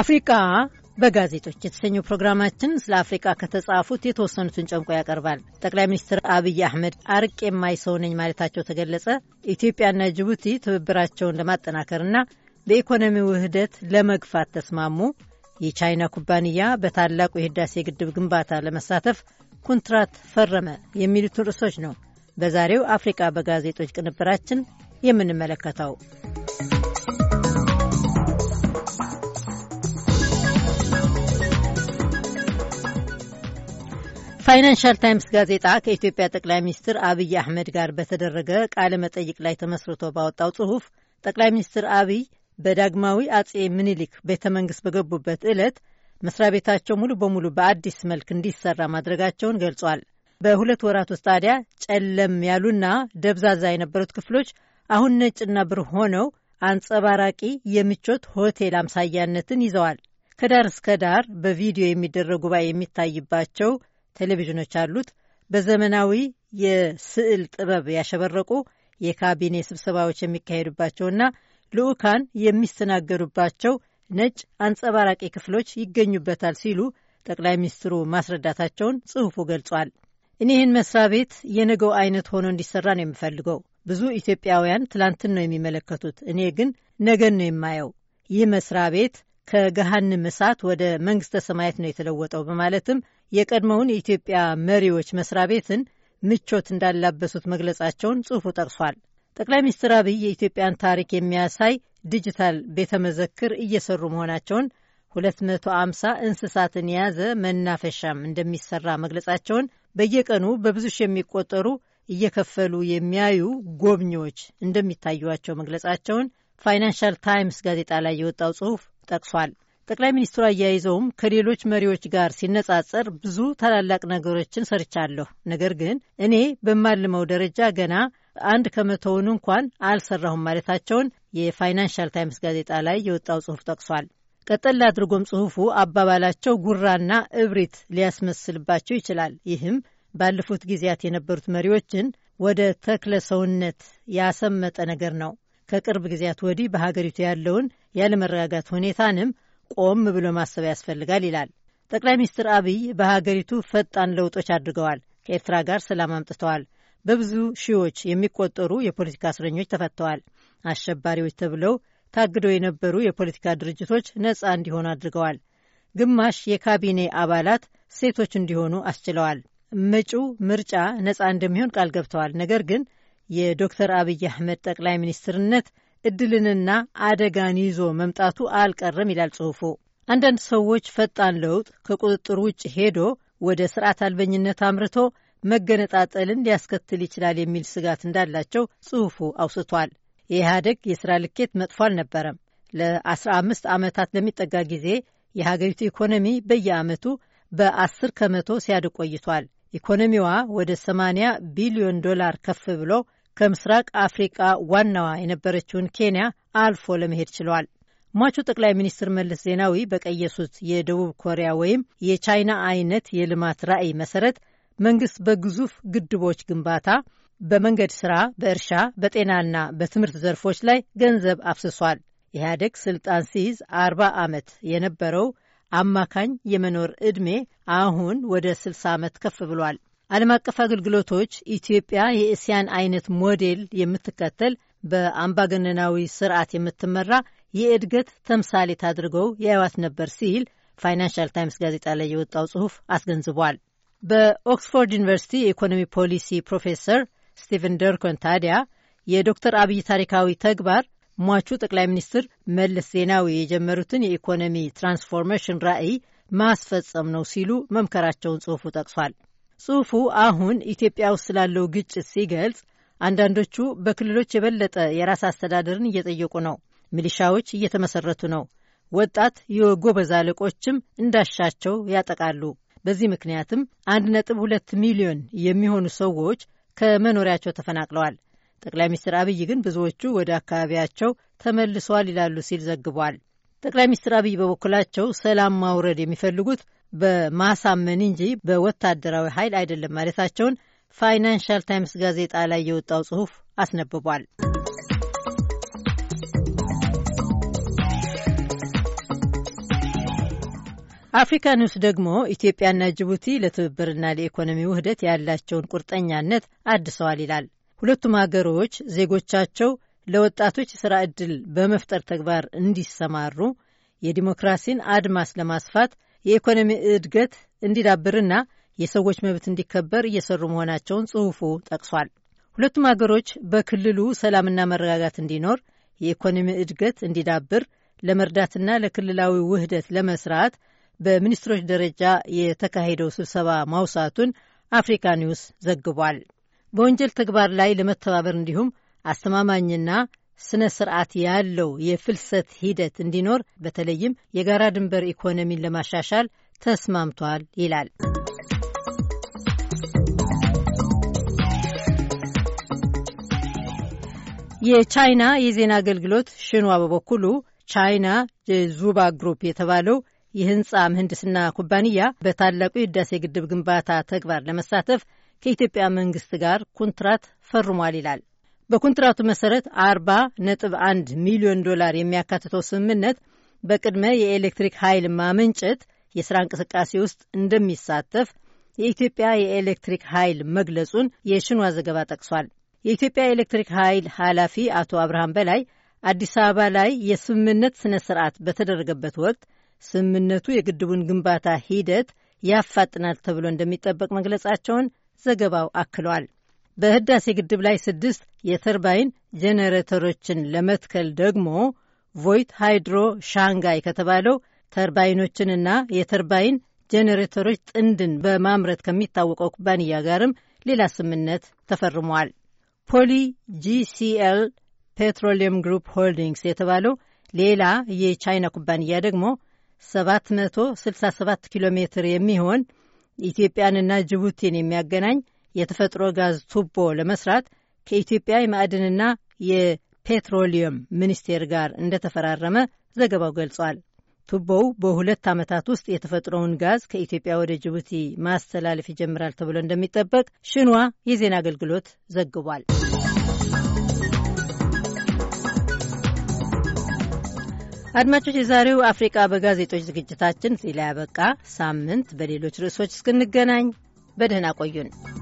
አፍሪካ በጋዜጦች የተሰኘው ፕሮግራማችን ስለ አፍሪካ ከተጻፉት የተወሰኑትን ጨምቆ ያቀርባል። ጠቅላይ ሚኒስትር አብይ አህመድ አርቅ የማይሰው ነኝ ማለታቸው ተገለጸ። ኢትዮጵያና ጅቡቲ ትብብራቸውን ለማጠናከርና በኢኮኖሚ ውህደት ለመግፋት ተስማሙ። የቻይና ኩባንያ በታላቁ የህዳሴ ግድብ ግንባታ ለመሳተፍ ኮንትራት ፈረመ። የሚሉትን ርዕሶች ነው በዛሬው አፍሪካ በጋዜጦች ቅንብራችን የምንመለከተው። ፋይናንሻል ታይምስ ጋዜጣ ከኢትዮጵያ ጠቅላይ ሚኒስትር አብይ አህመድ ጋር በተደረገ ቃለ መጠይቅ ላይ ተመስርቶ ባወጣው ጽሑፍ ጠቅላይ ሚኒስትር አብይ በዳግማዊ አጼ ምኒልክ ቤተ መንግስት በገቡበት ዕለት መስሪያ ቤታቸው ሙሉ በሙሉ በአዲስ መልክ እንዲሰራ ማድረጋቸውን ገልጿል። በሁለት ወራት ውስጥ ታዲያ ጨለም ያሉና ደብዛዛ የነበሩት ክፍሎች አሁን ነጭና ብር ሆነው አንጸባራቂ የምቾት ሆቴል አምሳያነትን ይዘዋል። ከዳር እስከ ዳር በቪዲዮ የሚደረግ ጉባኤ የሚታይባቸው ቴሌቪዥኖች አሉት። በዘመናዊ የስዕል ጥበብ ያሸበረቁ የካቢኔ ስብሰባዎች የሚካሄዱባቸውና ልዑካን የሚስተናገዱባቸው ነጭ አንጸባራቂ ክፍሎች ይገኙበታል ሲሉ ጠቅላይ ሚኒስትሩ ማስረዳታቸውን ጽሑፉ ገልጿል። እኒህን መስሪያ ቤት የነገው አይነት ሆኖ እንዲሰራ ነው የምፈልገው። ብዙ ኢትዮጵያውያን ትላንትን ነው የሚመለከቱት፣ እኔ ግን ነገን ነው የማየው። ይህ መስሪያ ቤት ከገሃንም እሳት ወደ መንግስተ ሰማያት ነው የተለወጠው በማለትም የቀድሞውን የኢትዮጵያ መሪዎች መስሪያ ቤትን ምቾት እንዳላበሱት መግለጻቸውን ጽሑፉ ጠቅሷል። ጠቅላይ ሚኒስትር አብይ የኢትዮጵያን ታሪክ የሚያሳይ ዲጂታል ቤተ መዘክር እየሰሩ መሆናቸውን 250 እንስሳትን የያዘ መናፈሻም እንደሚሰራ መግለጻቸውን በየቀኑ በብዙ ሺህ የሚቆጠሩ እየከፈሉ የሚያዩ ጎብኚዎች እንደሚታዩቸው መግለጻቸውን ፋይናንሻል ታይምስ ጋዜጣ ላይ የወጣው ጽሑፍ ጠቅሷል። ጠቅላይ ሚኒስትሩ አያይዘውም ከሌሎች መሪዎች ጋር ሲነጻጸር ብዙ ታላላቅ ነገሮችን ሰርቻለሁ፣ ነገር ግን እኔ በማልመው ደረጃ ገና አንድ ከመቶውን እንኳን አልሰራሁም ማለታቸውን የፋይናንሻል ታይምስ ጋዜጣ ላይ የወጣው ጽሑፍ ጠቅሷል። ቀጠል አድርጎም ጽሑፉ አባባላቸው ጉራና እብሪት ሊያስመስልባቸው ይችላል። ይህም ባለፉት ጊዜያት የነበሩት መሪዎችን ወደ ተክለ ሰውነት ያሰመጠ ነገር ነው። ከቅርብ ጊዜያት ወዲህ በሀገሪቱ ያለውን ያለመረጋጋት ሁኔታንም ቆም ብሎ ማሰብ ያስፈልጋል ይላል። ጠቅላይ ሚኒስትር አብይ በሀገሪቱ ፈጣን ለውጦች አድርገዋል። ከኤርትራ ጋር ሰላም አምጥተዋል። በብዙ ሺዎች የሚቆጠሩ የፖለቲካ እስረኞች ተፈተዋል። አሸባሪዎች ተብለው ታግደው የነበሩ የፖለቲካ ድርጅቶች ነፃ እንዲሆኑ አድርገዋል። ግማሽ የካቢኔ አባላት ሴቶች እንዲሆኑ አስችለዋል። መጪው ምርጫ ነፃ እንደሚሆን ቃል ገብተዋል። ነገር ግን የዶክተር አብይ አህመድ ጠቅላይ ሚኒስትርነት እድልንና አደጋን ይዞ መምጣቱ አልቀረም ይላል ጽሑፉ። አንዳንድ ሰዎች ፈጣን ለውጥ ከቁጥጥር ውጭ ሄዶ ወደ ስርዓት አልበኝነት አምርቶ መገነጣጠልን ሊያስከትል ይችላል የሚል ስጋት እንዳላቸው ጽሑፉ አውስቷል። የኢህአደግ የሥራ ልኬት መጥፎ አልነበረም። ለ15 ዓመታት ለሚጠጋ ጊዜ የሀገሪቱ ኢኮኖሚ በየዓመቱ በ10 ከመቶ ሲያድግ ቆይቷል። ኢኮኖሚዋ ወደ 80 ቢሊዮን ዶላር ከፍ ብሎ ከምስራቅ አፍሪቃ ዋናዋ የነበረችውን ኬንያ አልፎ ለመሄድ ችሏል። ሟቹ ጠቅላይ ሚኒስትር መለስ ዜናዊ በቀየሱት የደቡብ ኮሪያ ወይም የቻይና አይነት የልማት ራዕይ መሰረት መንግስት በግዙፍ ግድቦች ግንባታ፣ በመንገድ ስራ፣ በእርሻ፣ በጤናና በትምህርት ዘርፎች ላይ ገንዘብ አፍስሷል። ኢህአዴግ ስልጣን ሲይዝ አርባ ዓመት የነበረው አማካኝ የመኖር ዕድሜ አሁን ወደ ስልሳ ዓመት ከፍ ብሏል። ዓለም አቀፍ አገልግሎቶች ኢትዮጵያ የእስያን አይነት ሞዴል የምትከተል በአምባገነናዊ ስርዓት የምትመራ የእድገት ተምሳሌት አድርገው ያዩዋት ነበር ሲል ፋይናንሻል ታይምስ ጋዜጣ ላይ የወጣው ጽሑፍ አስገንዝቧል። በኦክስፎርድ ዩኒቨርሲቲ የኢኮኖሚ ፖሊሲ ፕሮፌሰር ስቲቨን ደርኮን ታዲያ የዶክተር አብይ ታሪካዊ ተግባር ሟቹ ጠቅላይ ሚኒስትር መለስ ዜናዊ የጀመሩትን የኢኮኖሚ ትራንስፎርሜሽን ራዕይ ማስፈጸም ነው ሲሉ መምከራቸውን ጽሑፉ ጠቅሷል። ጽሑፉ አሁን ኢትዮጵያ ውስጥ ስላለው ግጭት ሲገልጽ አንዳንዶቹ በክልሎች የበለጠ የራስ አስተዳደርን እየጠየቁ ነው፣ ሚሊሻዎች እየተመሰረቱ ነው፣ ወጣት የጎበዝ አለቆችም እንዳሻቸው ያጠቃሉ። በዚህ ምክንያትም 1.2 ሚሊዮን የሚሆኑ ሰዎች ከመኖሪያቸው ተፈናቅለዋል። ጠቅላይ ሚኒስትር አብይ ግን ብዙዎቹ ወደ አካባቢያቸው ተመልሰዋል ይላሉ ሲል ዘግቧል። ጠቅላይ ሚኒስትር አብይ በበኩላቸው ሰላም ማውረድ የሚፈልጉት በማሳመን እንጂ በወታደራዊ ኃይል አይደለም ማለታቸውን ፋይናንሻል ታይምስ ጋዜጣ ላይ የወጣው ጽሑፍ አስነብቧል። አፍሪካ ኒውስ ደግሞ ኢትዮጵያና ጅቡቲ ለትብብርና ለኢኮኖሚ ውህደት ያላቸውን ቁርጠኛነት አድሰዋል ይላል። ሁለቱም ሀገሮች ዜጎቻቸው ለወጣቶች ስራ ዕድል በመፍጠር ተግባር እንዲሰማሩ፣ የዲሞክራሲን አድማስ ለማስፋት የኢኮኖሚ እድገት እንዲዳብርና የሰዎች መብት እንዲከበር እየሰሩ መሆናቸውን ጽሑፉ ጠቅሷል። ሁለቱም አገሮች በክልሉ ሰላምና መረጋጋት እንዲኖር፣ የኢኮኖሚ እድገት እንዲዳብር ለመርዳትና ለክልላዊ ውህደት ለመስራት በሚኒስትሮች ደረጃ የተካሄደው ስብሰባ ማውሳቱን አፍሪካ ኒውስ ዘግቧል። በወንጀል ተግባር ላይ ለመተባበር እንዲሁም አስተማማኝና ስነ ስርዓት ያለው የፍልሰት ሂደት እንዲኖር በተለይም የጋራ ድንበር ኢኮኖሚን ለማሻሻል ተስማምቷል ይላል። የቻይና የዜና አገልግሎት ሽንዋ በበኩሉ ቻይና ዙባ ግሩፕ የተባለው የህንፃ ምህንድስና ኩባንያ በታላቁ የህዳሴ ግድብ ግንባታ ተግባር ለመሳተፍ ከኢትዮጵያ መንግስት ጋር ኮንትራት ፈርሟል ይላል። በኮንትራቱ መሰረት 40 ነጥብ 1 ሚሊዮን ዶላር የሚያካትተው ስምምነት በቅድመ የኤሌክትሪክ ኃይል ማመንጨት የሥራ እንቅስቃሴ ውስጥ እንደሚሳተፍ የኢትዮጵያ የኤሌክትሪክ ኃይል መግለጹን የሽኗ ዘገባ ጠቅሷል። የኢትዮጵያ የኤሌክትሪክ ኃይል ኃላፊ አቶ አብርሃም በላይ አዲስ አበባ ላይ የስምምነት ስነ ስርዓት በተደረገበት ወቅት ስምምነቱ የግድቡን ግንባታ ሂደት ያፋጥናል ተብሎ እንደሚጠበቅ መግለጻቸውን ዘገባው አክሏል። በህዳሴ ግድብ ላይ ስድስት የተርባይን ጄኔሬተሮችን ለመትከል ደግሞ ቮይት ሃይድሮ ሻንጋይ ከተባለው ተርባይኖችንና የተርባይን ጄኔሬተሮች ጥንድን በማምረት ከሚታወቀው ኩባንያ ጋርም ሌላ ስምምነት ተፈርሟል። ፖሊ ጂሲኤል ፔትሮሊየም ግሩፕ ሆልዲንግስ የተባለው ሌላ የቻይና ኩባንያ ደግሞ 767 ኪሎ ሜትር የሚሆን ኢትዮጵያንና ጅቡቲን የሚያገናኝ የተፈጥሮ ጋዝ ቱቦ ለመስራት ከኢትዮጵያ የማዕድንና የፔትሮሊየም ሚኒስቴር ጋር እንደተፈራረመ ዘገባው ገልጿል። ቱቦው በሁለት ዓመታት ውስጥ የተፈጥሮውን ጋዝ ከኢትዮጵያ ወደ ጅቡቲ ማስተላለፍ ይጀምራል ተብሎ እንደሚጠበቅ ሽንዋ የዜና አገልግሎት ዘግቧል። አድማጮች፣ የዛሬው አፍሪቃ በጋዜጦች ዝግጅታችን እዚህ ላይ ያበቃ። ሳምንት በሌሎች ርዕሶች እስክንገናኝ በደህና ቆዩን።